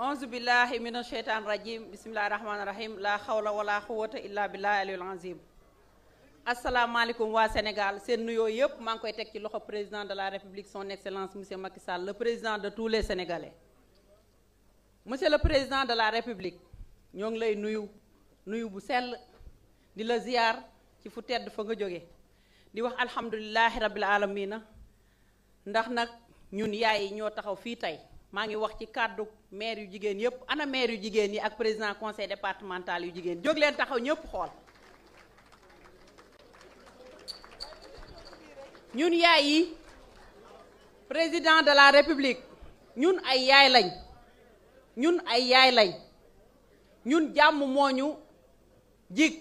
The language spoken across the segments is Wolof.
auzu billahi mina sheytaan rajim bisimillahi rahmaani rahim laa xawla wala quwata illa billahi aliyul azim asalaamaaleykum waa Sénégal seen nuyoo yëpp maa ngi koy teg ci loxo président de la république son excellence monsieur Macky Sall le président de tous les sénégalais monsieur le président de la république ñoo ngi lay nuyu nuyu bu sell di la ziyaar ci fu tedd fa nga jóge di wax alhamdulilahi rabil alamina ndax nag ñun yaay yi ñoo taxaw fii tey maa ngi wax ci kàddu maire yu jigéen yépp ana maire yu jigéen yi ak président conseil départemental yu jigéen jóg leen taxaw ñëpp xool ñun yaay yi président de la république ñun ay yaay lañ ñun ay yaay lañ ñun jàmm moo ñu jig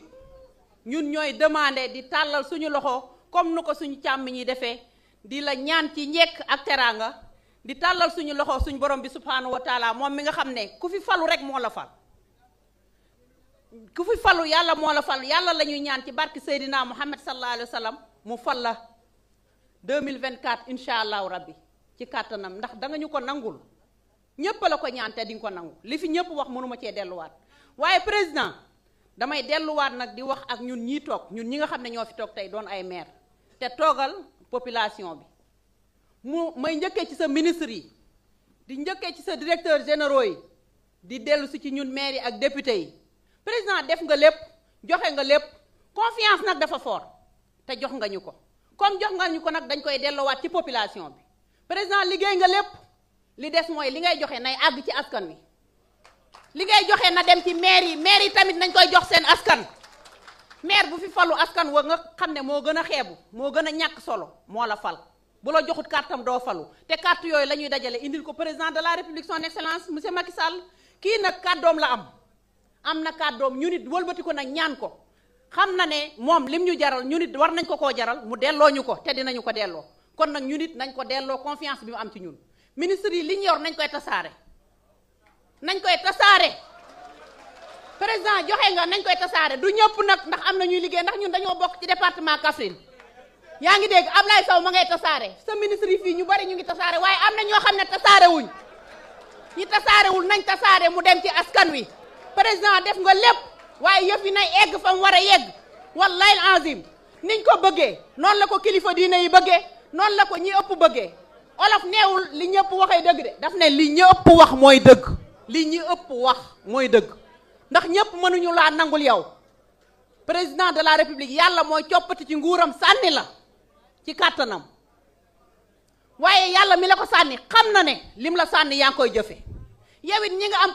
ñun ñooy demander di tàllal suñu loxo comme nu ko suñu càmm ñi defee di la ñaan ci njekk ak teraanga di tàllal suñu loxo suñu borom bi subhaanahu wa taala moom mi nga xam ne ku fi falu rek moo la fal ku fi falu yàlla moo la fal yàlla la ñuy ñaan ci barke Seydina Muhammad sallallahu alayhi wa sallam mu fal la vingt 2024 incha allahu rabbi ci kàttanam ndax danga ñu ko nangul ñépp la ko ñaan te di nga ko nangu li fi ñépp wax mënuma cee delluwaat waaye président damay delluwaat nag di wax ak ñun ñii toog ñun ñi nga xam ne ñoo fi toog tey doon ay maire te toogal population bi mu may njëkkee ci sa ministre yi di njëkkee ci sa directeur généraux yi di dellu si ci ñun maire yi ak député yi président def nga lépp joxe nga lépp confiance nag dafa fort te jox nga ñu ko comme jox nga ñu ko nag dañ koy delloowaat ci population bi président liggéey nga lépp li des mooy li ngay joxe nay àgg ci askan wi li ngay joxe na dem ci maire yi maire yi tamit nañ koy jox seen askan maire bu fi falu askan wa nga xam ne moo gën a xeebu moo gën a ñàkk solo moo la fal bu la joxut kàttam doo falu te carte yooyu la ñuy dajale indil ko président de la république son excellence monsieur Macky Sall kii nag kàddoom la am am na kàddoom ñu nit wëlbati ko nag ñaan ko xam na ne moom lim ñu jaral ñu nit war nañ ko koo jaral mu delloo ñu ko te dinañu ko delloo kon nag ñu it nañ ko delloo confiance bi mu am ci ñun ministre yi li ñu yor nañ koy tasaare nañ koy tasaare président joxe nga nañ koy tasaare du ñëpp nag ndax am na ñuy liggéey ndax ñun dañoo bokk ci département Kaffrine yaa ngi dégg Ablaye Sow ma ngay tasaare sa ministre yi fii ñu bari ñu ngi tasaare waaye am na ñoo xam ne tasaare wuñ ñi tasaarewul nañ tasaare mu dem ci askan wi président def nga lépp waaye yëf yi nay egg fa mu war a yegg wallahi azim niñ ko bëggee noonu la ko kilifa diine yi bëggee noonu la ko ñi ëpp bëggee olof neewul li ñëpp waxee dëgg de daf ne li ñi wax mooy dëgg li ñi ëpp wax mooy dëgg ndax ñëpp mënuñu laa nangul yow président de la république yàlla mooy coppati ci nguuram sànni la ci kàttanam waaye yàlla mi la ko sànni xam na ne lim la sànni yaa ngi koy jëfe yow ñi nga am